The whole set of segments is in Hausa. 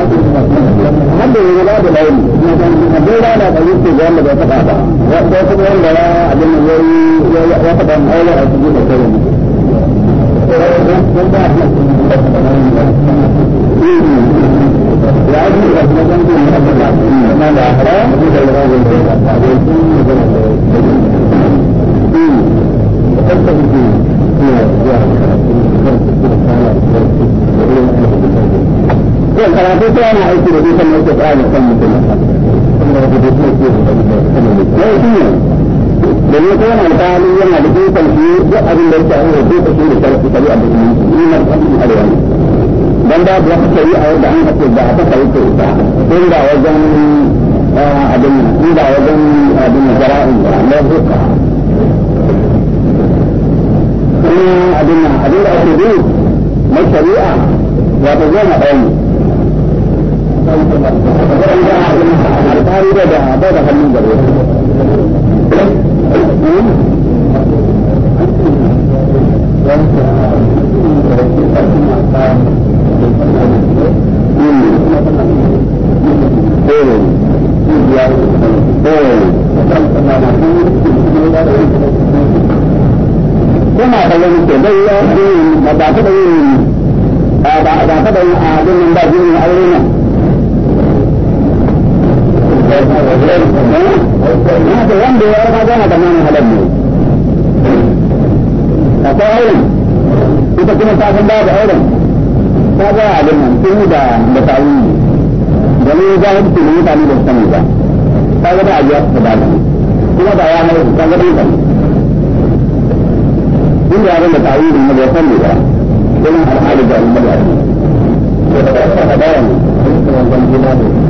ada yang ada lain. Ada ada bagi tu dia ada apa apa. Waktu tu dia ada ada yang dari ya ya apa dan ada ada tu dia ada. Thank you. zai karatu sai yana aiki da dukkan yake tsara da kan mutum yau shi ne domin ko yana alƙali yana da dukkan shi duk abin da yake aure dukkan shi da sharafi kari a dukkan mutum ni na kwanin arewa ne dan babu wata shari'a wadda an ka ce ba a fasa yake ita tun da wajen abin tun da wajen abin jara'in ba na zuka kuma abin abin da ake bi na shari'a wato zai na ɗaya alƙali da da ba da hannun gare Kuma da wani ke bai ya ba ta da yin ba ta da yin a jinin ba jinin aure ne. هذا يمضي ويرفع دون تمام هذا أقول أيضا إذا كنا تعرف بعض أيضا هذا علم سنودا بتعويض جميع جاهد سنودا تعليم السنودا هذا بعد يأخذ بعض كما دعوا هذا هذا أيضا كل هذا التعويض من يصلي كل هذا الحاجة من يصلي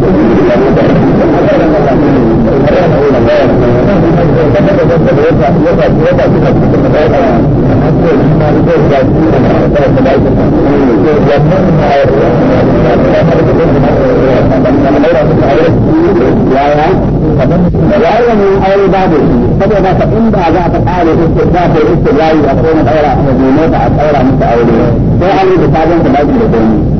saboda ka inda za ka kare istirzafi istirzafi a kuma daura a madina da a daura musu aure sai an yi da sabon da babu da gani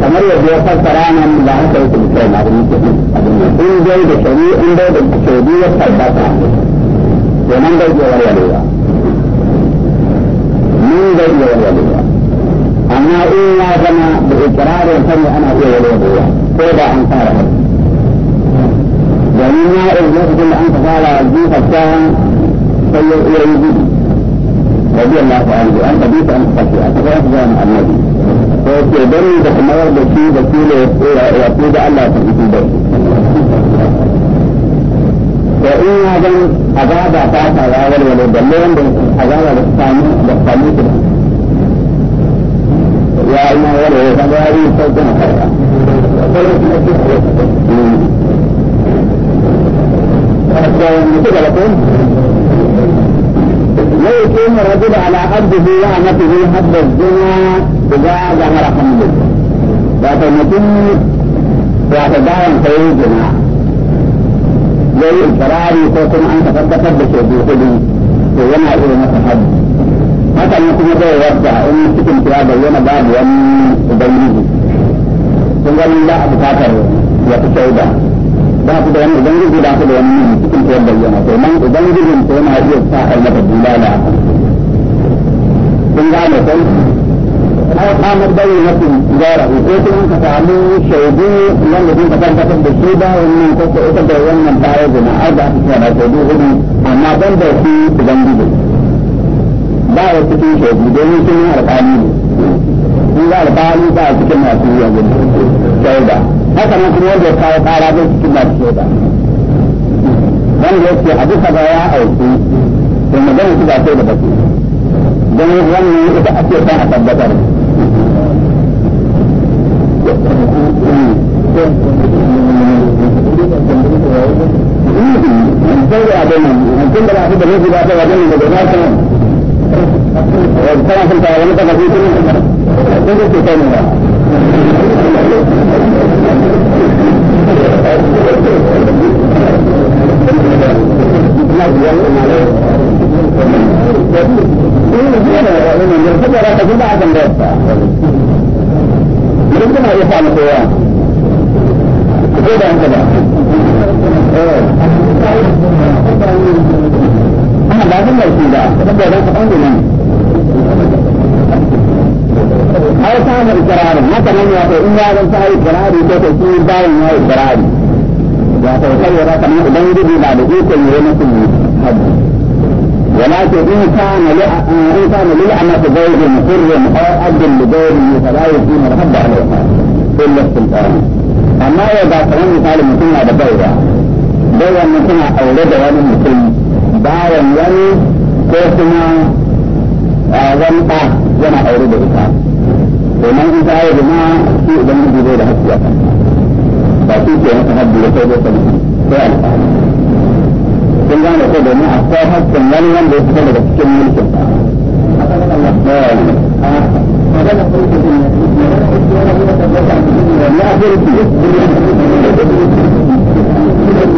kamar yadda ya fassara nan ba haka yake da kyau abin in dai da shari in dai da shari ya tabbata to nan dai ya warwarewa mun dai ya warwarewa amma in ya zama da ikirarin sani ana iya warwarewa ko da an fara haka domin ya ɗauki lokacin da an ka fara jifa kyan sai ya iya yi gudu radiyallahu anhu an ka bi ta an ka fashe a ta ga annabi ko bari da kuma da shi da shi ne ya fi da Allah ta fi da da in ya zan azaba ta ta rawar wale balle wanda azaba da samu da samu ta ya ina wale ya zama yari sai da karka لا يقيم الرجل على عبده وعنته حد الدنيا إذا ظهر إلى أن يكون زي وضع إن سكن في هذا اليوم باب ومن أبيه تنقل لا بكاتر وتسعيدا ba su da wani ubangiji ba su da wani yin cikin tuwar bayyana to nan ubangijin ko na أو قام بدولة جاره يكون تتعلم شعبي لم يكن تتعلم بالشيبة ومن تتعلم ومن تعيد مع أربعة سنة شعبي أما بند في بندي لا يستطيع شعبي دون سنة القانون إذا القانون لا يستطيع شعبي شعبة حتى ما كان يوجد قائد على ذلك كما شعبة بند يستطيع حديث بياء أو شيء ثم بند يستطيع شعبة بسيطة بند يستطيع شعبة بسيطة بلا سے بڑی سی بات ہے وجہ نہیں بدلا تھا اور طرح سے کہا ہم تک نہیں تھا تو کہتا ہوں گا ఇంకా మరి పాలిపోయా ఇదే దాంట్లో أنا بعد ما يصير ده بدي أروح أقول لهم أو صاحب القرار ما تمام يا أخي إن هذا صاحب القرار يبقى تصير ده إن هذا القرار يا توكل ولا تمام بدي بدي بعد كده يوم كله ولكن إنسان كان إنسان كان للأمة زوج محرم أو عبد لغيره فلا يكون رد عليها إلا السلطان أما إذا كان مثال مسلم هذا da wani suna aure da wani mutum bayan wani ko kuma a wani ɗa yana aure da ita domin in kawo zama su idan mutu zai da haske a kan ba su ke yana sanar da yake zai sanar sai alfahari sun gane ko domin akwai haskin wani wanda ya fita daga cikin mulkin ba ما هذا؟ هذا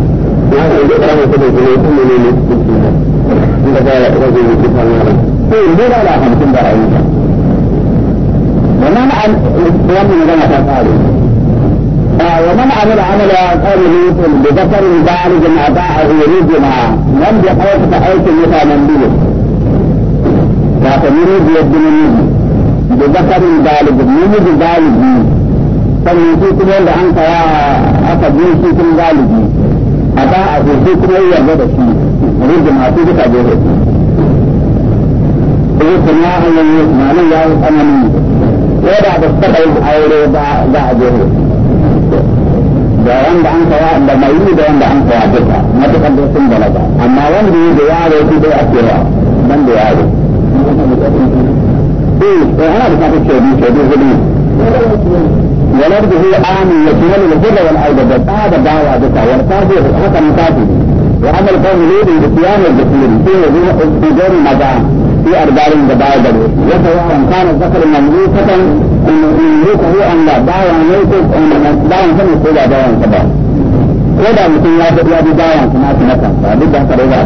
هذا ومن عمل من غنى قالوا ومن عمل عمل قوله بذكر بالغ أعطاه يريد معه من بقوة فأيت مثلا به لكن يريد يد منه بذكر بالغ منه بالغ فمن فيكم يلد عنك يا أخذ من فيكم بالغ a ba a hudu kuma yi yarda da shi wurin da masu duka gefe kuma kuma an yi malin ya yi tsanani ko da ba su taɓa yin aure ba za a gefe da wanda an kawa da mai yi da wanda an kawa duka matuƙar da sun balaga amma wanda yi da yaro shi dai ake wa ban da yaro eh ana da kafin shaidu shaidu hudu هي آن يشمل الهدى والأرض هذا دعوة بك والقاضي حتى مكاتبه وعمل القوم ليه بصيام في فيه بدون مدعى في أرباب دبايا دروس وسواء كان الذكر مملوكة المملوك هو أن لا دعوة يوسف أن دعوة هم يقول دعوة سبا ودا مثل يا يا بداية كما سمعت فبدا فريضة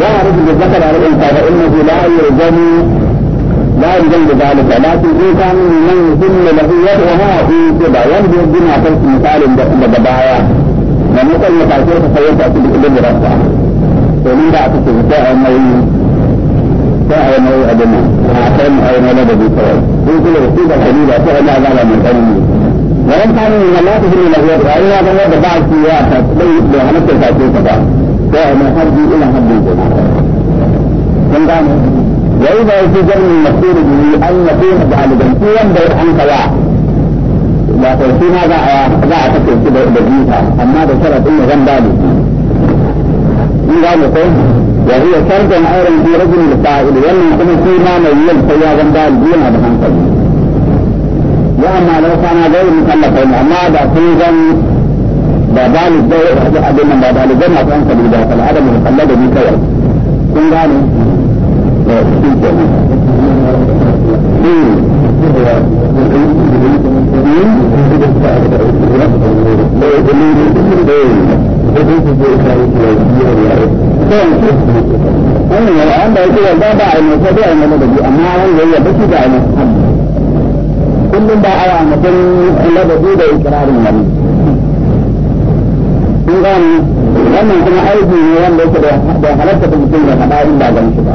لا يعرف بالذكر على الأنثى فإنه لا يرجم لا يجوز ذلك لكن إن كان من يهم له يدعوها في كذا ينبغي بما قلت مثال بدبايا ومثل ما تعطيه تصور تأتي بكل بركة ومن بعد تتبع الموي ساعة الموي أدنى وعشان أو مولد بسرعة في كل رسيدة حديدة فعلا على من قلبي ولم كان من الله تهم له يدعوها إلا بما بدع السياسة ليس بهنفس تعطيه تبع ساعة ما حد إلى حد يجب وإذا التزم المقصود به أن يكون ذلك قيما عن سواء لا تكون ذا أعتقد كده بديها أما بشرط إنه غم ذلك إن ذلك وهي شرط أيضا في رجل الفاعل وأن يكون ما ميل فيا غم ذلك دون هذا عن سواء وأما لو كان غير مكلف أما ذا فيزن بذلك ده أحد أبنا بذلك ده ما كان سبيل ذلك العدم يتقلد بكوي كن ذلك kullum ba awa mutum ladabi da ikirarin mari kun gani wannan kuma aiki ne wanda yake da halatta da mutum da haɗa ba gan shi ba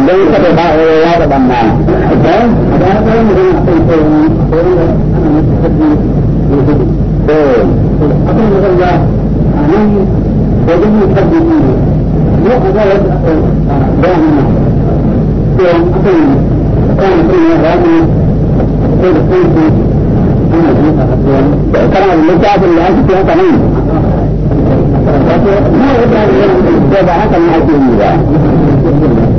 Jadi kita berdoa Allah kepada Dan dan dan itu itu apa yang kita ini jadi kita ini dia ada dan yang apa ini kan punya lagi itu itu karena mereka punya itu kan ini Nah, itu adalah yang berbahasa dengan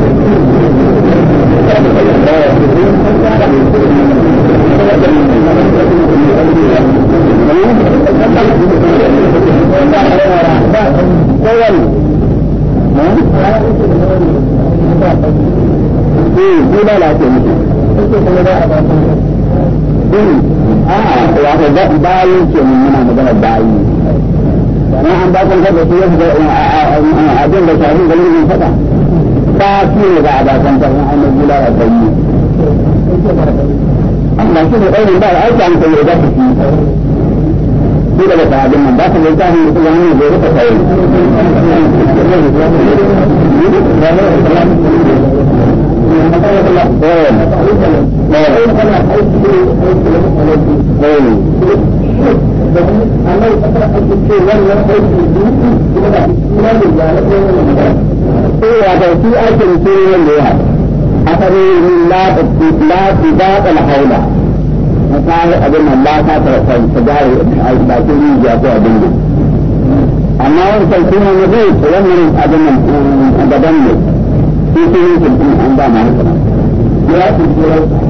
bayi ke mun muna magana bayi dan an ba kun kada su yadda abin da tarihi da ilimin fada ba su ne za a ba san karfin hannun gula a kai amma shi ne ɗaurin ba a aiki an kai riga su fi su daga sahabin nan ba su zai tafi mutu wani ne zai rufe kai Oh. domin a nan kasar ake ce wannan aiki duki kuma da kuma da zane ko wani da kowa da shi ake ce wanda ya asali la la tibat al haula misali abin nan ba ta tarfai ta gare ba ta yi ya ko abin ne amma wancan kuma ne zai ce wannan abin nan gaban ne shi ne an ba ma haka ya ce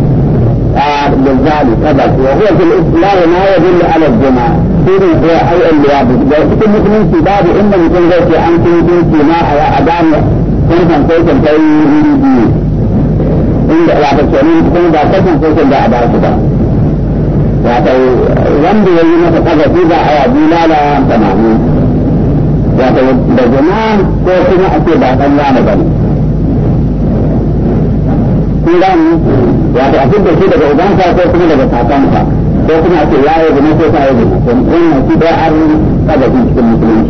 آه، بالذات سبب وهو في الاسلام ما يدل على الزنا سوري هو اي اللي لو كنت مسلم في باب ان يكون غير عن كنت في ما على ادم كنت كنت كنت عند يعتقدون كنت كنت كنت كنت ادم wato wanda ya yi masa kazafi za a yabi lala tamanin wato da zina ko kuma a ce ba ɗan lana ba ne. Kun gani? wato a fidda shi daga ubansa ko kuma daga kakansa ko kuma a ce ya yi gina ko ta yi gina to wannan shi da an kaga shi cikin musulunci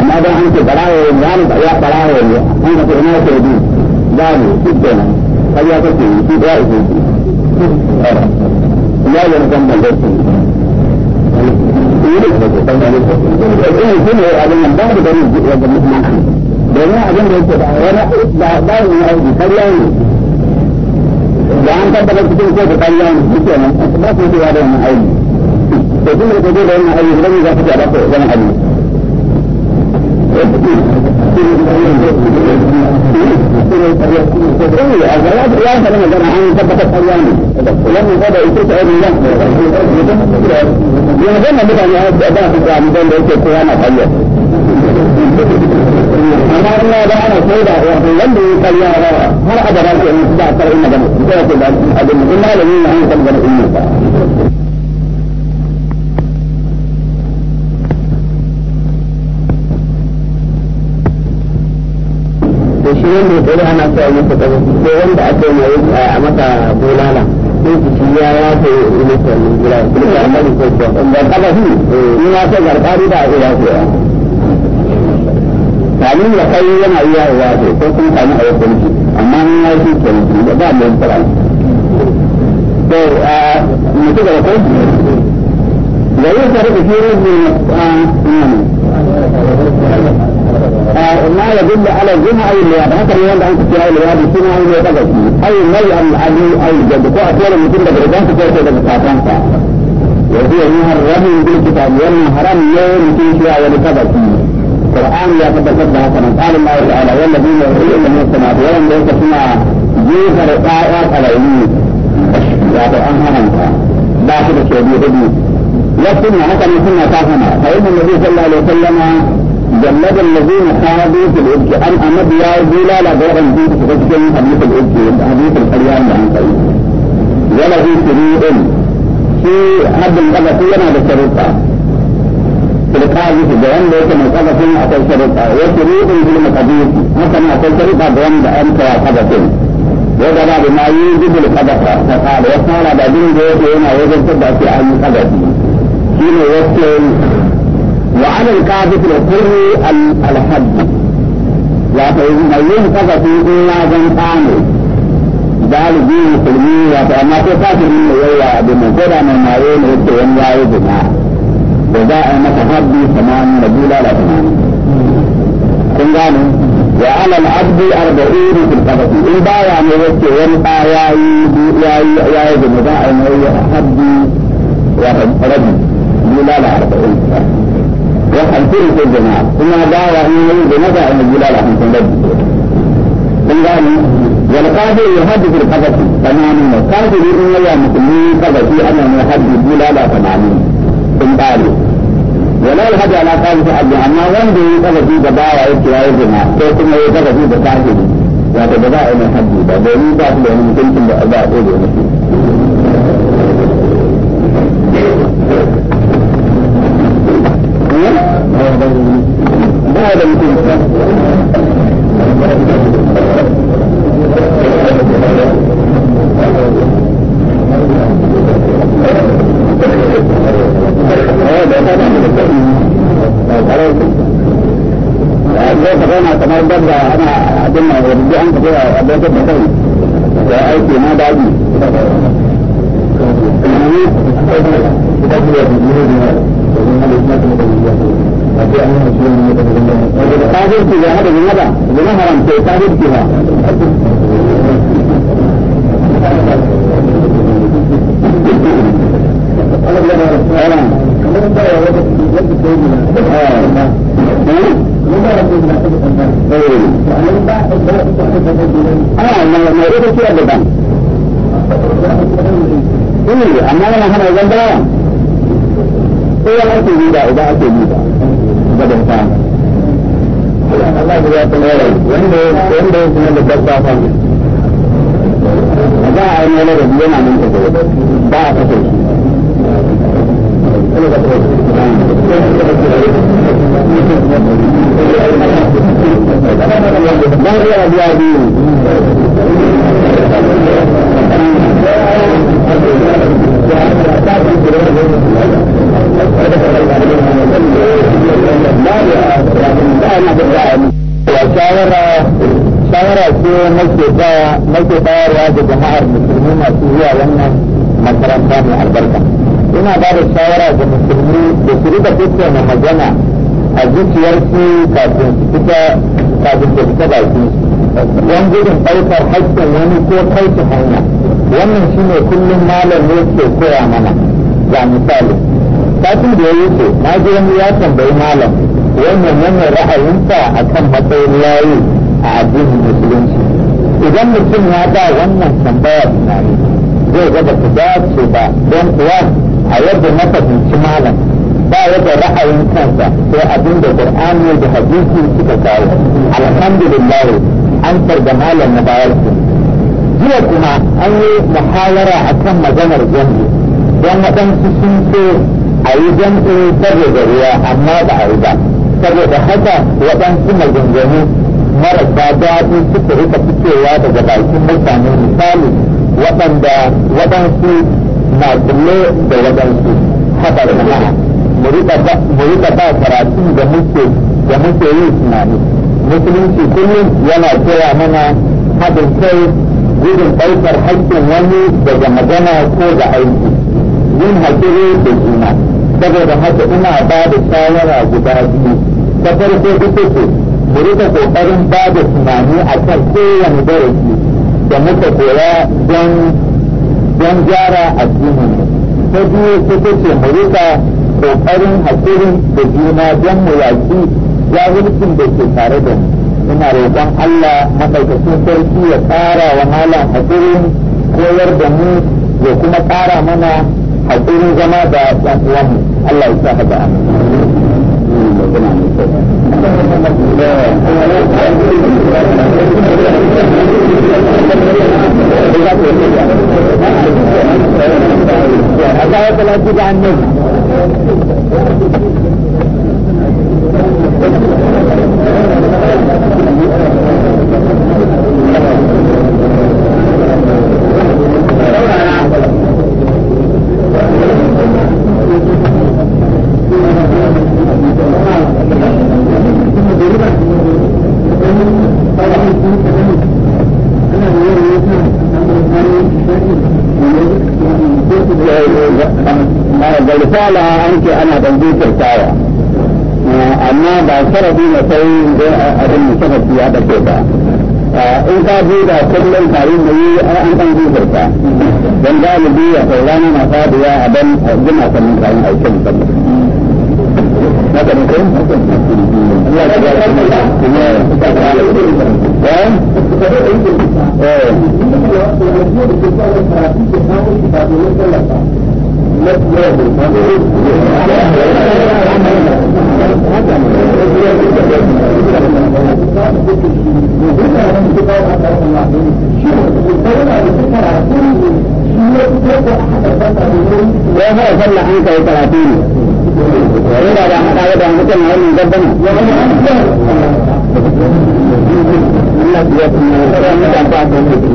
amma don an ce barawo zani ya barawo ne an ka ce ina ce bi zani shi kenan har ya kace shi da ya iso shi ya yi na kan bangar shi ne shi ne abin nan ba da gari ga musulunci domin abin da yake da wani ba ba ne aiki kariya ne جان کا بدل کسی کو بتائیے ان کی ہے بس مجھے یاد ہے ہے تو تم کو جو رہنا ہے یہ بھی جاتا ہے تو جانا ہے الغرض لا يعلم جمع عن ثبت الطيان لم يبدا يترك اي من يهدم بدل هذا في الجامعه بين الطيان الطيان amma ina da ana sai da wato wanda ya kariya ba har a gaba ke yin da kar ina da mutum da ke da abin da kuma da yin an san da ina ba to shi ne da dare ana sai masa da ko wanda aka yi a masa bulala sai ki ci ya ya ta yi ilimin bulala kuma da annabi ko ko da kafa shi ina ta gargari da ira ko kamin ya kai yana iya wa ko kuma kamin a wasu shi amma ni na shi ke mutu da ba mu fara to a mutu da ko da yin tare da shi ne a nan ما يدل على الجمع أي الواد هكذا يوم أنت في أي الواد سنة أي الواد أي نوع من أي أي جد كو أطول من كل درجات كو أطول من ساتانك وهي من الرمي بالكتاب ومن حرام يوم تيشوا ولكذا القرآن لا تبقت لها كما قال الله تعالى والذين يؤمنون من السماء ولم يستمع جيف رقائق العلمين يا قرآن هذا داخل الشهدي هدي لكن معك من سنة كافنا فإن النبي صلى الله عليه وسلم جلد الذين خاضوا في الإبك أن أمد يا جولا لا غير أن في تفكين حديث الإبك حديث القريان عن قريب وله سريء في حد الأبكي ما بشروطه الخالف بأن ليس مسألة أتي شرطة وشروط في المقادير مثلا أتي شرطة بأن أنت حدث وجب بما يوجب الحدث فقال وصار بعدين جوه هنا وجب تبع في أهل الحدث حين يوكل وعلى القاذف الحر الحد وفإن ينقذ في إلا ذنبان قال دين مسلمين وفأما تقاتل من يوم بمجرد من ما يوم يوم يوم يوم وجاء متحدي ثمان رجولا لا ثمان كنغانو وعلى العبد أربعين في القبط إن بايع مرسي ورقا ياي ياي ياي بمضاء مريا أحدي ورجل جولا لا أربعين وخمسين في الجماعة ثم بايع مريا بمضاء مريا لا خمسين رجل كنغانو والقاضي يحدد القبط ثمانين والقاضي يقول يا مسلمين قبطي أنا محدد جولا لا ثمانين كنغانو ولا الهدى على قال في حد أما وين يتغى في بداعة ابتلاء الجماعة كما يتغى في بتاعته وهذا بداعة من حديدة دليل ذات لأنه ممكن بأداء أولي هذا يكون Thank you. zai ka zauna kamar dabba ana abin nan yanzu an tafi a dabbar da kai da aiki na daji kafirci ya haɗa zina ba zina haram ce kafirci ba Ya, Allah dia tolong. Ini, ini dia punya dekat sana. Ada air mana dia nak minta tolong? Ba, betul. ما هي أبيادين؟ shawara ce nake bayarwa da jama'ar musulmi masu zuwa wannan makaranta mai albarka. ina ba da shawara ga musulmi da su rika tattauna magana a zuciyarsu kafin su fita kafin su fita baki don gudun ɗaukar haƙƙin wani ko kauce hanya wannan shine kullum malam ne ke koya mana ga misali kafin da ya wuce na ji wani ya tambayi malam wannan wannan ra'ayinsa akan matsayin yayi a addinin musulunci idan mutum ya ba wannan tambaya tunani zai ga ku dace ba don kuwa a yadda na fahimci malam ba yadda ra'ayin kansa sai abin da qur'ani da hadisi suka kawo alhamdulillah an da malam na bayar su jiya kuma an yi muhawara akan maganar jami'i don waɗansu sun so a yi jami'i saboda ruwa amma ba a yi ba saboda haka waɗansu maganganu marasa daɗi suka rika fitowa daga bakin mutane misali waɗanda waɗansu na kulle da waɗansu haɗar jama'a mu rika ba karatu da muke da muke yin tunani musulunci kullum yana koya mana haɗin kai gudun ɗaukar haƙƙin wani daga magana ko da aiki yin haƙiri da juna saboda haka ina ba da shawara guda biyu ta farko ita ce mu riƙa ƙoƙarin ba da tunani a kan kowane darasi da muka koya don don gyara addinin ta biyu ita ce mu rika kokarin hakurin da juna don mu yaƙi jahilcin da ke tare da mu ina roƙon Allah maɗaukacin sarki ya ƙara wa malam hakurin koyar da mu ya kuma ƙara mana hakurin zama da ɗan uwanmu Allah ya sa da amin mai gina mai kyau. Allah ya talaki da annabi. Thank you. risala an ce ana ban jinkirtawa amma ba sharafi na sai abin musafar ya ɗauke ba in ka duba kullum tare da yi an ɗan jinkirta don galibi a saurana na faduwa a ban jima sannan kayan aiki musamman. Haka ne kai? Eh. ya fara sallah an kai karatu ne wani da ba haɗa da mutum na wannan gabbana Allah ya kuma da mutum ba ta mutum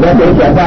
Bagaimana?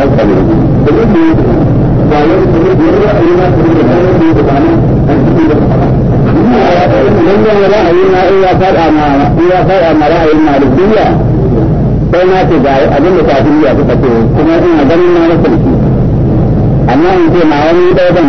اور بھی ہیں لیکن یہ ہے ولكن يجب ان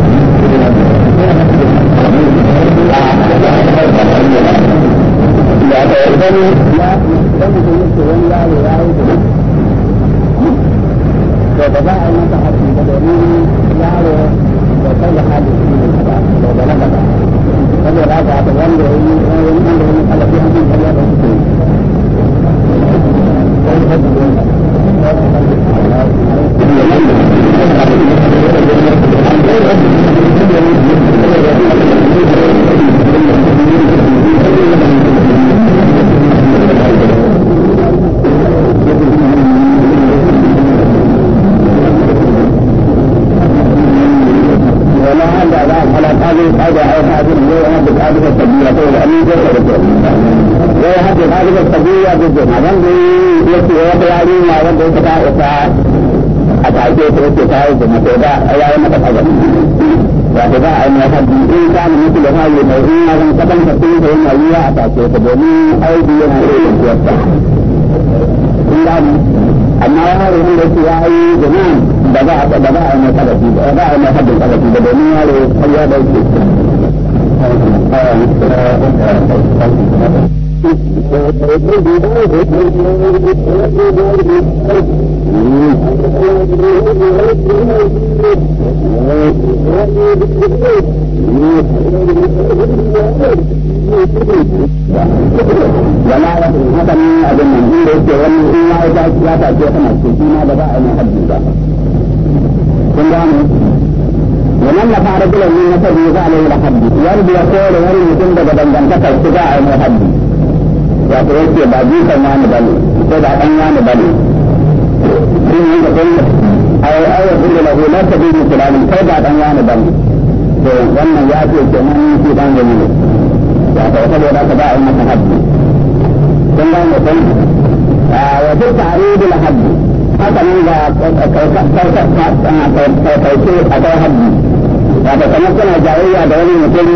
wani ya wani da yake wani yaro ya yi da to ba za a yi masa haƙƙi ba domin yaro da kai da hali shi ne ba da balaga ba saboda haka da wanda ya yi wani wanda ya yi alaƙi an yi kariya da suke Thank you. ya guje na ban dai yake wata yarinya wanda ya ta ita a take ta yake ta yi zama to da ya yi mata kaza wato ba a yi mata in ta mu mutu da fayi mai in ya zan kaɗan ka tun da yana yiwa a take ta domin aiki yana da kwanciyarsa in da amma ya hari wanda yake ya yi zama da ba a da ba a yi mata da ba a yi mata da kaza da domin yaro har ya dauke. Thank you. جماعة حسن أبن منزير يقول إن الله تعالى لا تأتي كما تكون بدائع من حد الله كن ومن نفع رجلا من نسبه فعله لحد يرجو يقول ويرجو تندب بندم كفر اتباع محدد Waktu itu dia bagi kemana balik. Dia datang mana balik. Ini yang kata. Ayah-ayah bila lahu lasa bini selalu. Dia datang mana balik. So, wanna yaki kemana ini si tangga ini. Ya, saya kata dia rasa tak ingat sahab. Tengah yang kata. Ayah itu cari bila haji. Maka ni lah kata-kata atau haji. Ya, saya kata-kata jauh ya dari mungkin.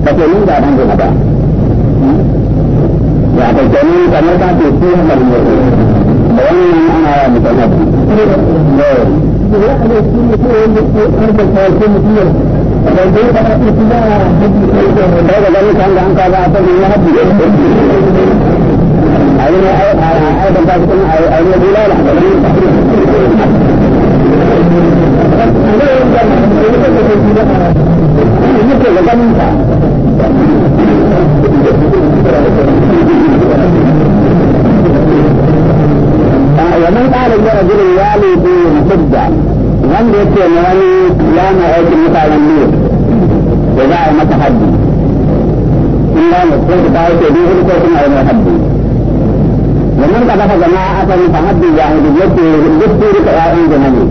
Tapi ini tak ada. يعني الجميل كما كانت فيها مريضة وين انا متنبي هذا ذلك عند أن قال أعطى من يهدي أيضا أيضا أيضا لا لحظة مثل ومن قال لرجل والي بالحجة من يكي مواني لا نعيش مثال النور وجاء متحدي إلا نقول بعيش به لكوكم أو متحدي ومن ما جماعة متحدي يعني بيدي بالدستور كرائم جمالي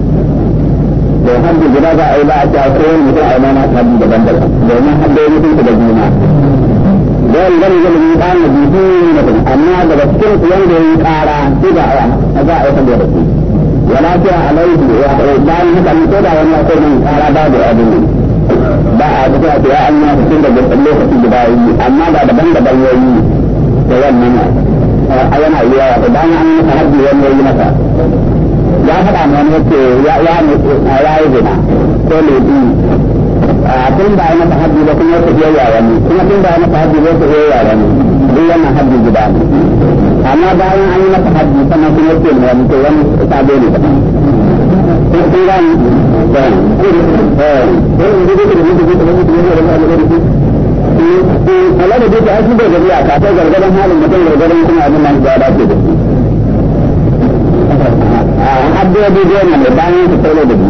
لو حد جراجة أو لا أتعطون مثل أو ما نتحدي ببندل لو ما حد يمكن تبجمنا don gani da mun ba mu bihi na bin amma daga cikin ku wanda yayi kara sai da aya na za a yi saboda shi wala ta alaihi wa dan haka ni da wani ya kai mun kara ba da abin ba a ga ta ya an ya cikin da lokaci da ba yi amma da daban daban yayi da wannan a yana iya ya dan an yi harbi wani yayi masa ya faɗa mana yace ya ya ne ya yi gina ko ne tun ba masa haddi ba kuma wata biyayya wani kuma tun ba masa haddi ba wata biyayya wani duk wannan haddi guda ne amma bayan an yi masa haddi sannan kuma yake da wani to wani sabo ne daban ko kun gani da Allah da duka aiki da gari a kasar gargadan halin mutum gargadan kuma abin nan ya dace da shi. Abdu ya bi goma ne bayan su tsaye da biyu.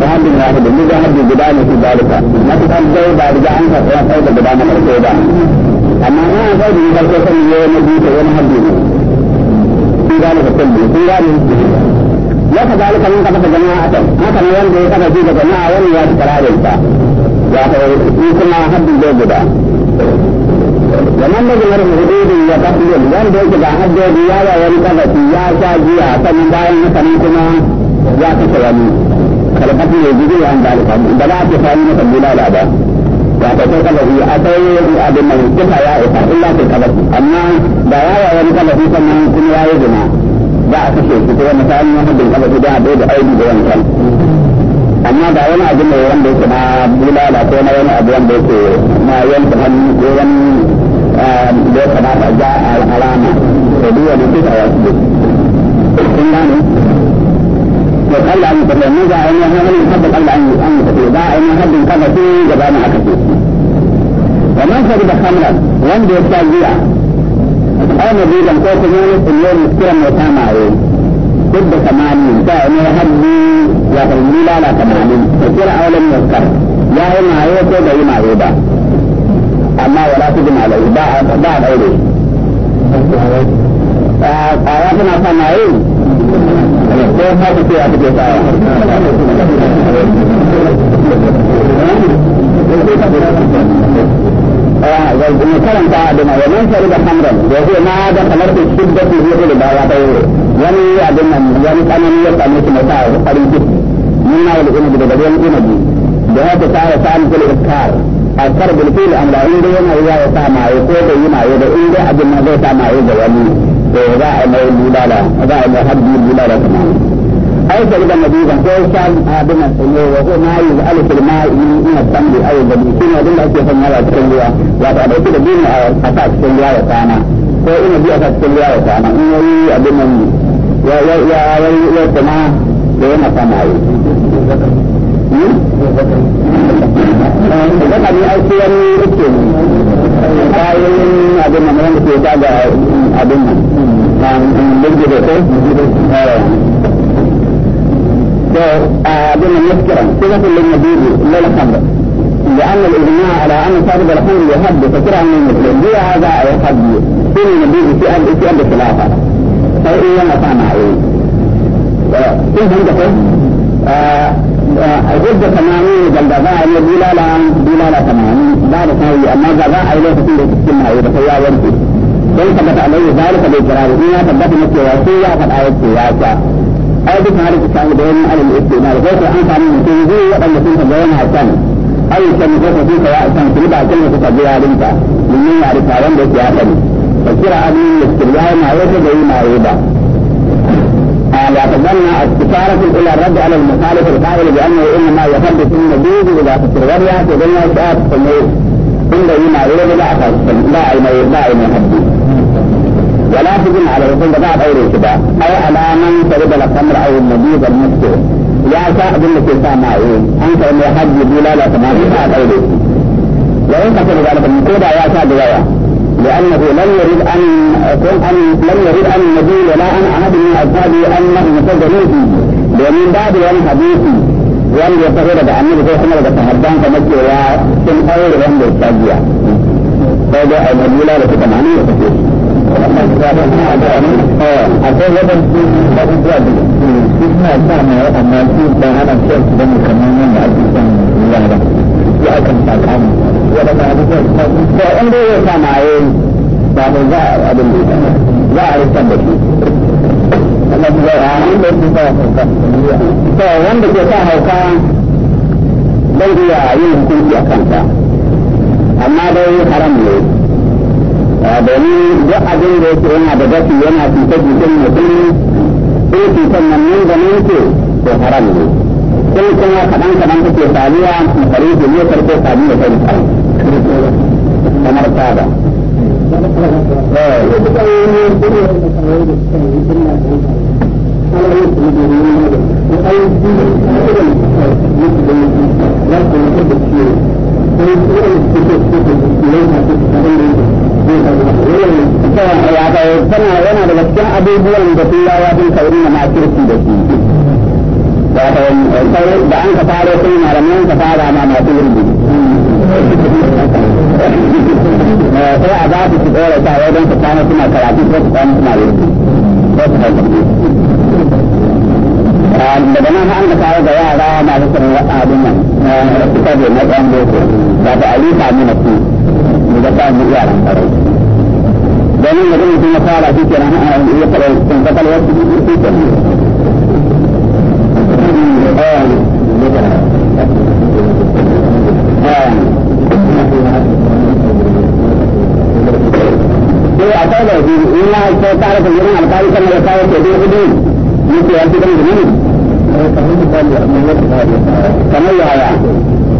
فهل من واحد المجاهد بجباله في ذلك ما تفهم زي بعد جعلها فلا فوز بدانا مرتبة أما ما أفاد من ذلك سمي يوم الدين يوم الدين في ذلك كله في ذلك ليس ذلك من قبل جماعة ما كان يوم ذي قبل في جماعة ولا يوم كرار إنسا يكون أحد الجودة ومن نجم الحدود يتقبل وان ذلك أحد الجودة وان قبل في يا شاجيا فمن دائما فمن كما يا تسلمين selepas ini juga yang dari kamu. Ibadah ke saya ini sembuh dah ada. Yang saya cakap lagi, apa yang ada mengikut saya, itu Allah ke kabar. Karena daya yang kita lagi sama ini lain juga. Tak sesuai, kita yang saya ingin mengambil, kalau tidak ada, ada yang diberangkan. Karena daya yang ada mengikut saya, sama bila ada yang ada yang ada yang berikut. Mayan dengan orang bersama saja al-alama. Jadi, yang itu saya sebut. Sehingga ini, لو قال عن أنا هذا يفضل قال عن عن كثير ضاع أنا هذا كذا في جبانة كثير ومن شرب خمرا وان أنا بيجي لم تكن اليوم كثير متامع ضد ثمانين فأنا هذي يا فلان لا لا ثمانين كثير أولا يذكر يا إما عيوبه يا إما عيوبه أما ولا تجمع عليه بعد بعد عيوبه قال أنا ثمانين ko ma da ke aka ke ta karanta da na wannan shari'a hamran da yake na da kamar da shiddatu zai da ba ta yi wani abin nan wani tsanani ya same shi mata a farin ciki nuna wani inabi daga ruwan inabi da haka ta ya samu kula iskar a kar bulfil amma in dai yana ruwa ya sa maye ko da yi maye da in dai abin nan zai sa maye da wani to za a mai bulala za a mai haddi bulala kamar أي إذا نبيذا هو شرب بنا سنوه وهو ما يزعل في الماء من التمر أو الزبيب شنو أدل أشياء في الماء تسلوها وأبعد كده بين أساس تسلوها وتعنا هو إنه بي أساس تسلوها وتعنا إنه يي أدل مني يا يا يا يا يا سما يا آه، ما سما يي Zaka ne aiki wani uke ne, kayan abin nan wanda ke daga abin nan, kan birgide ko? قلنا مسكرا صفة للمزيد لا الخمر لأن الإجماع على أن صاحب الخمر يحب كرها من المسلم هي هذا يحب كل المزيد في أرض في أرض خلافة فإن لم أفهم عليه كيف عندكم؟ آه، الغدة ثمانين جلد باع لا بلالة لا ثمانين بعد ثانية أما جاء إليه في الاجتماع إذا فيا ورثي لن ثبت عليه ذلك بالقرار إنها ثبت نفسه وسيا قد آيت سياسة هذه معرفة كان بين على الاسم ما لقيت أنت عن المتنزيل وأن يكون بين عشان أي كان يقول فيك يا عشان تلبع كلمة تبيع أنت من يعرف يعني عالم بيت يا أخي فكرة أمين الاستبياع معروفة زي معروفة يعتبرن آه، استشارة إلى الرد على المخالف القائل بأنه إنما يحدث النبي إذا في الغرية في دنيا شاب ثم إن بما يريد لا أخذ لا علم لا علم يحدث ولا تجن على الرسول بعد أول الكتاب أو على من شرب الخمر أو المبيض المسكر يا سعد اللي في سامعي أنت اللي حج بلا لا تماري بعد أو رشدا وإن قتل ذلك من قيد يا سعد غيره لأنه لم يرد أن يكون أن لم يرد أن النبي ولا أن أحد من أصحابه أنه مصدر فيه لأن بعد يوم حديثي wanda ya taho daga annabi sai kuma daga sahabban ka nake ya أن aure wanda ya tajiya sai dai a nabila da suka mani da kake أقول هذا الشيء الإيجابي إحنا سامع أما الشيء أنا شايف بني كمان من عزيزا الله رب يأكل ساكن ولا ما عزيزا فإن ده سامع بعد ذا أبن ذا عرفت بشيء to wanda ke sa hauka bai iya yin hukunci a kansa amma dai haram ne Ah, domin duk abin da yake yana da gasi yana cutar jikin mutum in cutar nan nan da nan ce to haram ne sun kuma kaɗan kaɗan kuke saliya a karin su ne karfe sami da kai kan kamar tsada. Yeah. wato tana yana daga cikin abubuwan da turawa sun kauri na makirci da su wato sai da an ka fara sai malaman ka fara ma masu wurbi sai a za su ci tsoro ta wajen su kwana suna karatu ko su kwana suna wurbi ko su kwana daga nan an ka kawo ga yara masu sanin abin nan suka je na ɗan boko ba ta alifa mu na su mendapat mulia antara itu. Ya. Dan ini adalah itu masalah ya. Ya. di kerana ia perlu tempat lewat itu itu pun. Tapi ini adalah yang tidak ada. Jadi apa itu? Ia itu cara kemudian apa yang kita lakukan itu itu itu. Ini yang kita lakukan. Kami tidak melihat kami tidak melihat. Kami tidak melihat.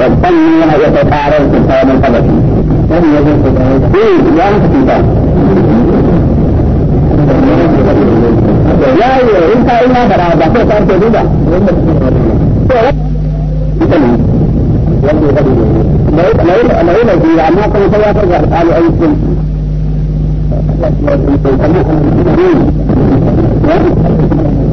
والفنيون يتقارب في الثواب القدسي. لم يجد في لا كتاب. لا انت الا برا بس صار كذا. لو لو لو في ما كان سواء قالوا اي شيء. Thank you.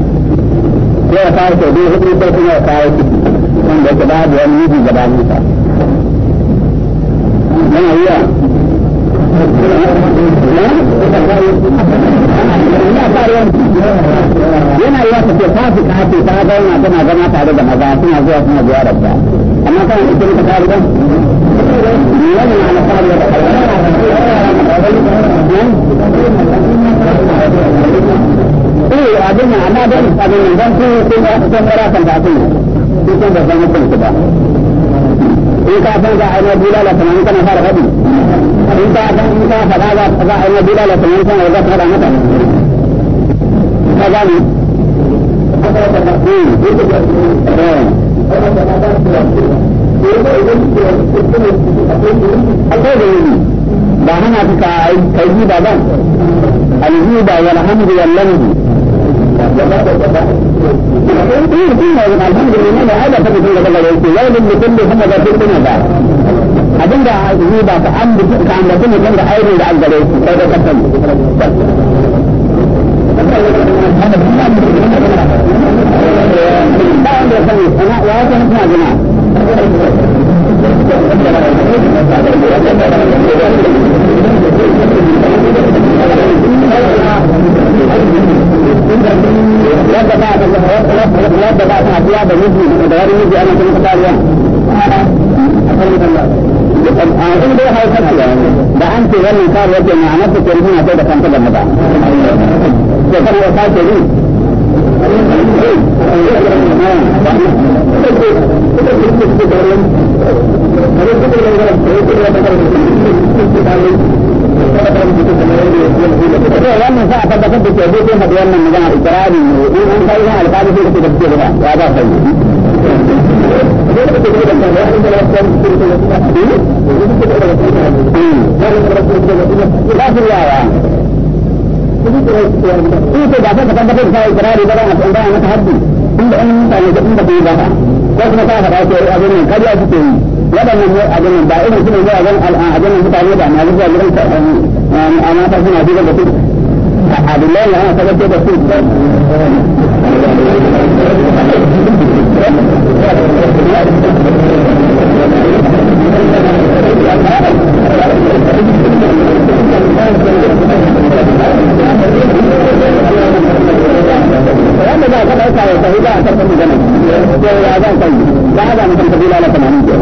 व्यवसाय को के रूप से व्यवसाय संघ के बाद वह नीति जवाब होता नहीं भैया yana yi wata ke في أبن عبادة أبن عبادة في كل أحسن ولا تنبعثين في كل أحسن ولا إن كان فلا بلالة فمن كان فرغ بي إن كان إن كان فلا فلا بلالة فمن كان وقت هذا مثلا كذلك ba hana ka kai ba ba alhuda wal hamdu wal lamdu الحمد لله هذا فضل الله ويل لكل همزة في نزاع abin da yi ba ka an da ka an da kuma kan da aure da Allah yake sai da kasan ba wanda ya sani sana ya wata hikima gina Thank you. رد بعض رد بعض أثياب المسلم غير المسلم أنا كنت قال يا أقول بها يفكر ده أنت غير مكار وجه مع نفسك يريدون أن تبقى أنت لما بعد يفكر وقال شديد Thank you. kan jikin da mai yadda ya fi da kuka. wannan sa a tabbatar da ke zai kai faɗi wannan magana ikirari ne in an kai zan alƙali sai ka ce da kuke gaba ya ba sai. Lafiya ya. انت اذا كنت تقدر تساوي اقراري بدل ما تقول انا تحدي كل ان انت اللي انت في بقى كيف مسافه رايك اظن قد يجي بدل ما اظن دائما كل ما اظن الان اظن متعوده انا اظن أنا أنا فاهم هذه البسيط عبد الله أنا فاهم بسيط وأنا لا أتبع فإذا أتبع من جنة وهو أذان طيب بعد أن تنتبه على ثمانين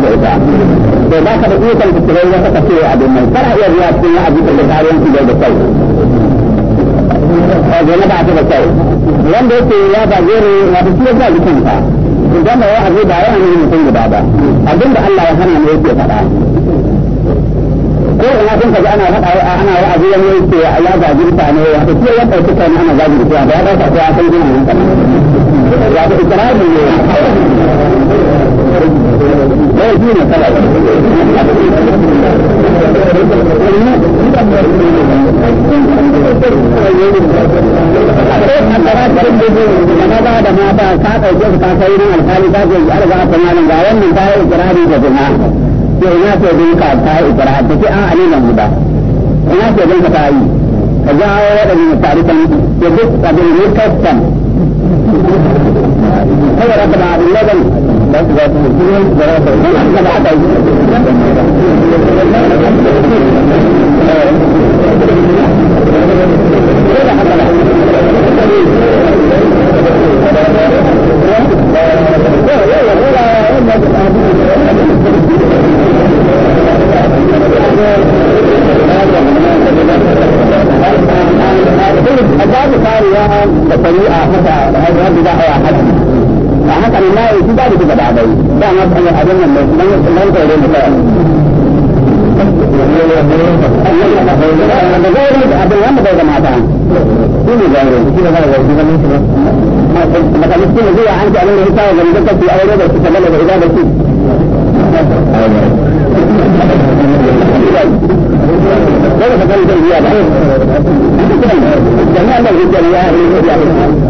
da ita to ba ka da ikon da kirai wata ka ce abin nan kana iya zuwa cikin ya abu da kariyanci da da kai a gona ba ta da kai wanda yake ya ba zai na da shi da jikinka idan ba ya abu ba ya hana mutum guda ba abin da Allah ya hana ne yake faɗa ko ina kun kaji ana faɗa ana wa'azi wani yake ya gaji mutane ya ta ce wanda suka ne ana gaji da ba ya ba ta ko a san gina ne ya ta ikirari ne لا يجوز طبعا بعد ما بعد كيف تعطينا الخالقات أربعة ثمان غاية من تاي إقراري بجمع هنا تقول الله ذات الجلال جواب بطريقة مثلا هذه بداية حدث haka nan na yi ba da su gaba da yi ba ma su hanyar abin nan mai nan kore mu kawai da gauru da abin wanda bai zama ta shi ne gauru shi ne gauru shi ne makamin shi ne zuwa an ce abin da ya kawo gari zaka fi aure da su kamar da ida da su Jangan ada hujan ya, ini hujan.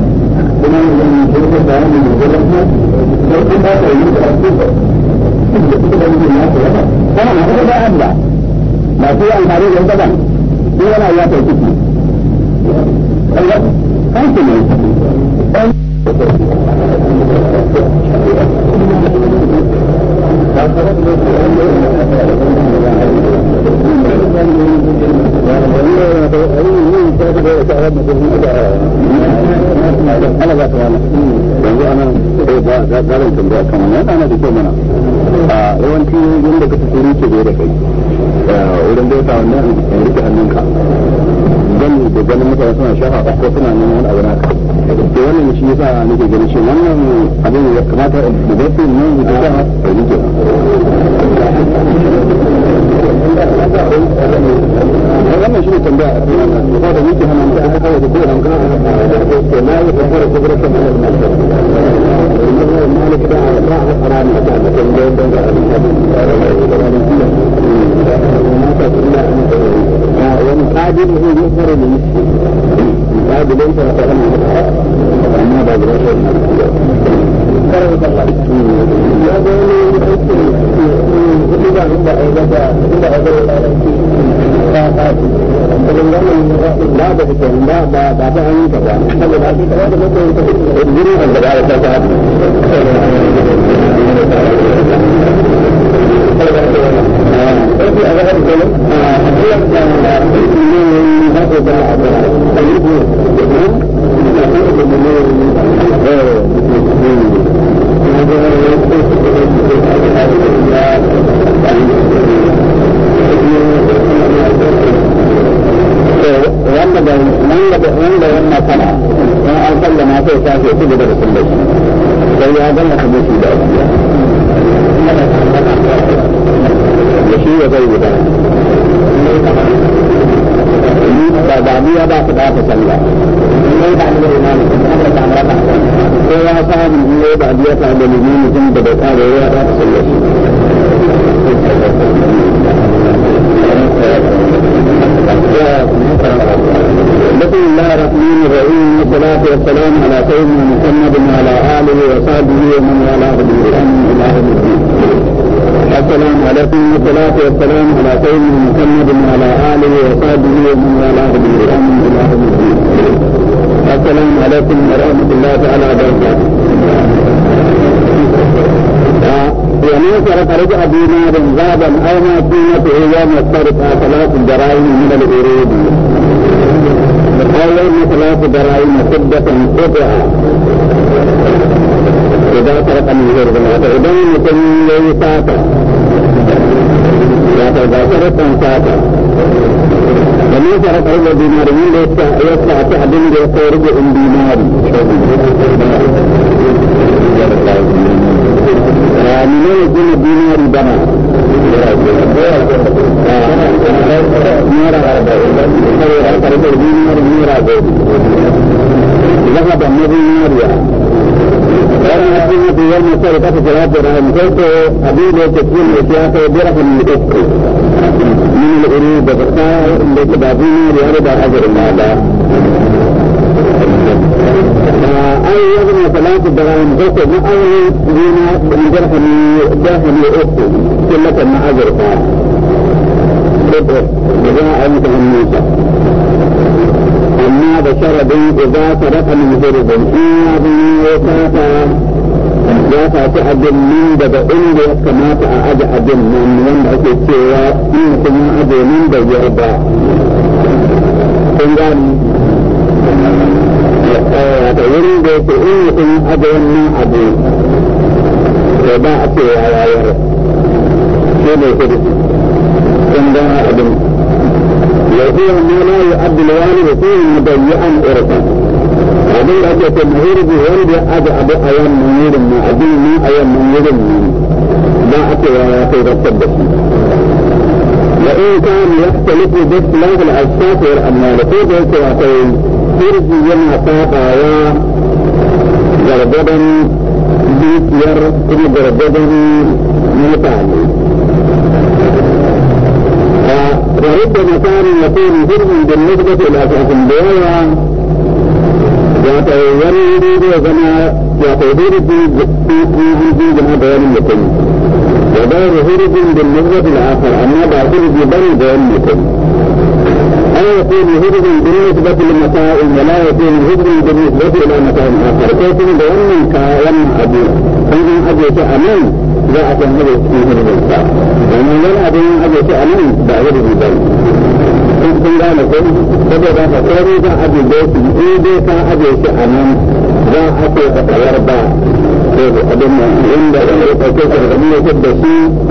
باقی ہمارے جنتا دن یہ أنا ذات وانا يعني أنا إذا ذلك تنبأ كمان أنا بكون أنا yawanci yin da ka tsoro ke da kai wurin da ya sa wannan in rike hannunka gani da ganin mutane suna shafa ko suna neman wani abu naka to wannan shi yasa nake ganin shi wannan abin ya kamata da zai nan da اگر وأن من يدعون لهن صلاة وما أرسل ما في كافي في بدر كله فلهذا الحديث ذلك يشيء غير ذلك بعديها بعد بعد صلى ويا صاحب الجنة بعديها بعد الجنة جنب بيتها ويا بعد صلى بسم الله الرحمن الرحيم والصلاة والسلام على سيدنا محمد وعلى آله وصحبه ومن والاه بإحسان إلى السلام عليكم والصلاة والسلام على سيدنا محمد وعلى آله وصحبه ومن والاه بإحسان إلى السلام عليكم ورحمة الله تعالى وبركاته. وما فرق أبي نار ذابا أو ما قيمته يوم يفترق ثلاث جرائم من الورود أولا ثلاث جرائم سدة قطعة إذا فرق من غير ذلك إذا يكون لي ساتا إذا فرق ساتا وما فرق الذي نار من يسعى تحديد يخرج من دينار آمنوا يكون دينا ربنا ذهب النبي يعني ماريا كان يقول في يوم السابق في جواب رحم قلت أبي لا تكون السياسة برحم الكفر من الأروب بقصاء لكبابين لأربع أجر المال أي يظن ثلاث دراهم بس ما أي دينا درهم درهم يؤكل كلة ما أجر فعل ربع جاء مثل موسى أما بشرب إذا سرق من هرب إلا بموسى ya faci abin nan daga inda ya kamata a aje abin nan wanda ake cewa in mutum ya aje nan da wurin da yake in mutum abu wannan abu da ba a ce ya yayar shi ne kudu kun gana abin yau ma la yu'addu al-walid yakunu mudayyi'an irfan abin da ake ce mahirbi wanda ya aje abu a wannan wurin ne abin ne a wannan wurin ne ba a ce ya ya kai rabbar da shi وإن كان يختلف باختلاف الأشخاص والأموال فإذا كان kirki yana sabawa gargadan dukiyar kuma gargadan mutane وربما كان يكون هرم بالنسبة إلى أشخاص بيانا وتولد وزنا وتدرج في جمع بيان لكم وغير هرم بالنسبة للآخر أما بعد بني بيان فلا يكون هدر بالنسبة لمتاع ولا يكون هدر بالنسبة إلى متاع آخر فيكون بأن كائن حديث فإن ابي أمين لا أكون هدر في هدر بالنسبة ومن لا أكون حديث أمين بعد بالنسبة kun gane ko saboda ka kare za a dube su in dai ka aje shi a nan za a ce ka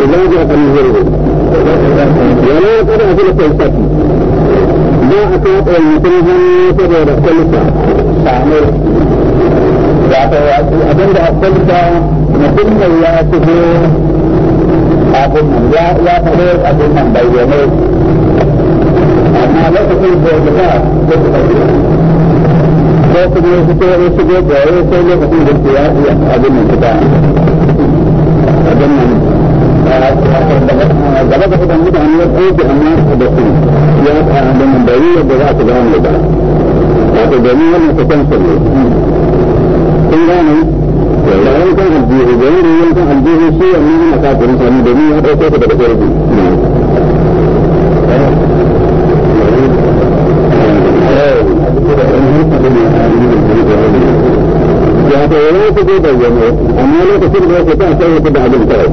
وزوجها فمهره ولا تدع في الكلفة ما أتاك أن تنهى تدور الكلفة تعمل abin da akwai mutum da ya shigo abin nan ya ya fare abin nan bai yana amma lokacin da ya ga ko ta ko kuma ya fito ya shigo da ya sai lokacin da ya abin nan ta abin nan gaba da kuma mutane ya ko da amma da su ya ta da mun bayi da za su gane ba wato domin wannan ta kansa ne kun gane da ran kan aljihu da ran kan aljihu shi wannan yana ka gurin sani domin ya dauko ta daga gurin ya ta yi wata da bayyana amma lokacin da ya ta sa sai ya ta da abin kawai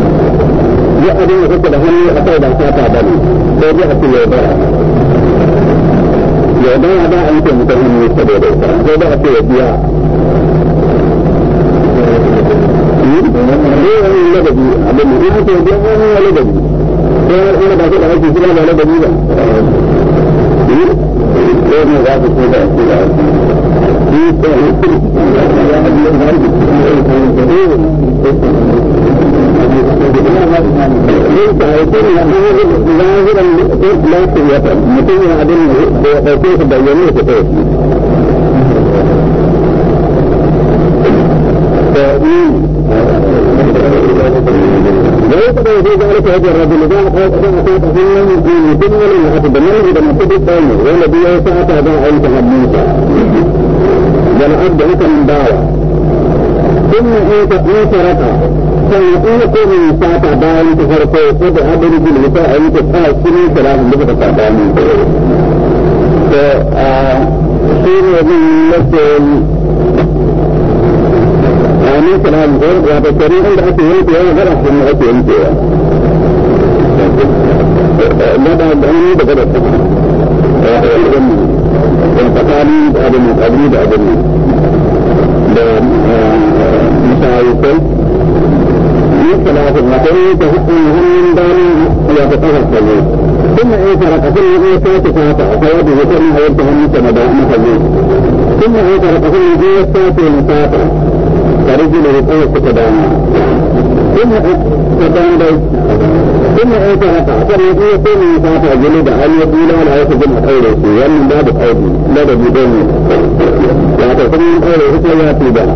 dia ada yang kata dah ni atau dah kata dah ni. Dia dia hati lebar. Dia ada ada antum tu ni sebab dia. Dia ada hati dia. Dia ni ada bagi ada ni hati dia ni ada bagi. Dia ni ada bagi dah kita ni ada bagi dah. Dia ni ada bagi dah kita. Dia ni ada bagi dah kita. Dia ni ada bagi dah kita. Dia ni ada bagi dah kita. ظاهرا لا قوة متين عدم وقوته بيانه قوته ليس في ذلك هذا الرجل إذا قال أنا أتيت فيلا من دين ولا أحد بمن إذا ما تبي قومه والذي يسعى هذا عين تهميسا بل أبدأ من دعوة ثم إن تقوى ركعة سيقوكم آه، آه، من ساعة دائم تفرقوا قد أبن بالغطاء أن تفعل سنين غير وهذا الطريق عند أتي ينتهي وغير أحسن من أتي من ثلاث ركعتين تهقهم من دار يتطهر الصليب ثم إن ركعتين الأولى تسعة أفراد يتم غير تهمة مدائن الصليب ثم إن ركعتين الأولى تسعة مسافة فرجل ركعة تدانا ثم تدانا ثم إن ركعتين الأولى تسعة مسافة جلد أن يقول لا يتجمع خيره لأن باب الخير لا بدون لا تكون خيره إلا في ذلك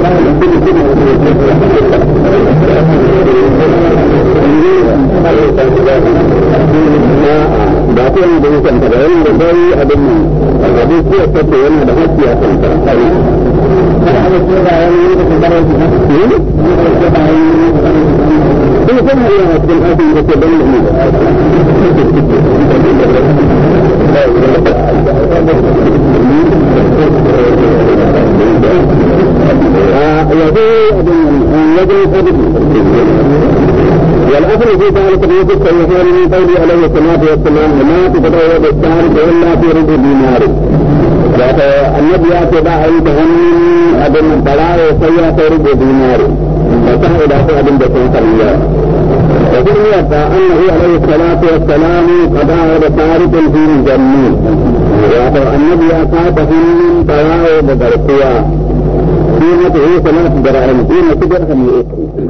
yang berikan pada orang berbari ada ni. Kalau dia kuat satu orang ada hati akan terhadap والأصل في ذلك في الصحيحين من قوله عليه الصلاة والسلام لا تتبوأ بالدار فإلا في ربع دينار wato annabi ya ce ba a yi da wani abin balawo sai ya kai وفي dinari ba انه عليه الصلاه والسلام قد عاد طارق في الجنين وقال النبي اصابه من طواعب برقيا قيمته ثلاث دراهم قيمه درهم يؤكل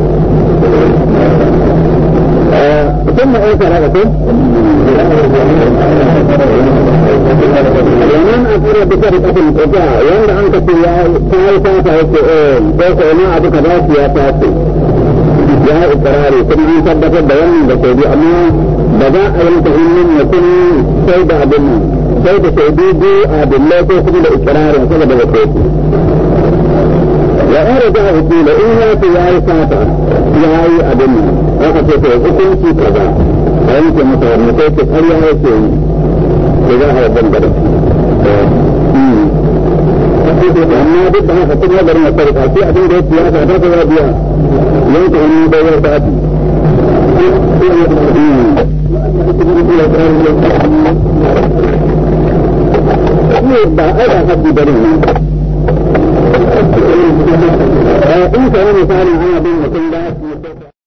ثم أوتى رغبة ومن أفر بسرقة الإجاء وأن أنت في ثالثة فهسئين فوق ما أبو كذا سياساتي ya ikirari kuma an tabbatar da wannan da shaidu amma ba za a yanke hannun mutum sai da abin sai da shaidu biyu a dille ko kuma da ikirarin saboda da kotu wa in raja'a hukuma in ya ce ya yi sata ya yi abin nan aka ce sai hukunci kaza a yanke masa wani sai ce karya yake yi da za a yabon gada amma duk da haka kuma garin ya tsarka sai abin da ya fiya ka ta ya biya yanke wani bayar da abi ba a da haɗi garin ne in kamar misalin ana bin mutum da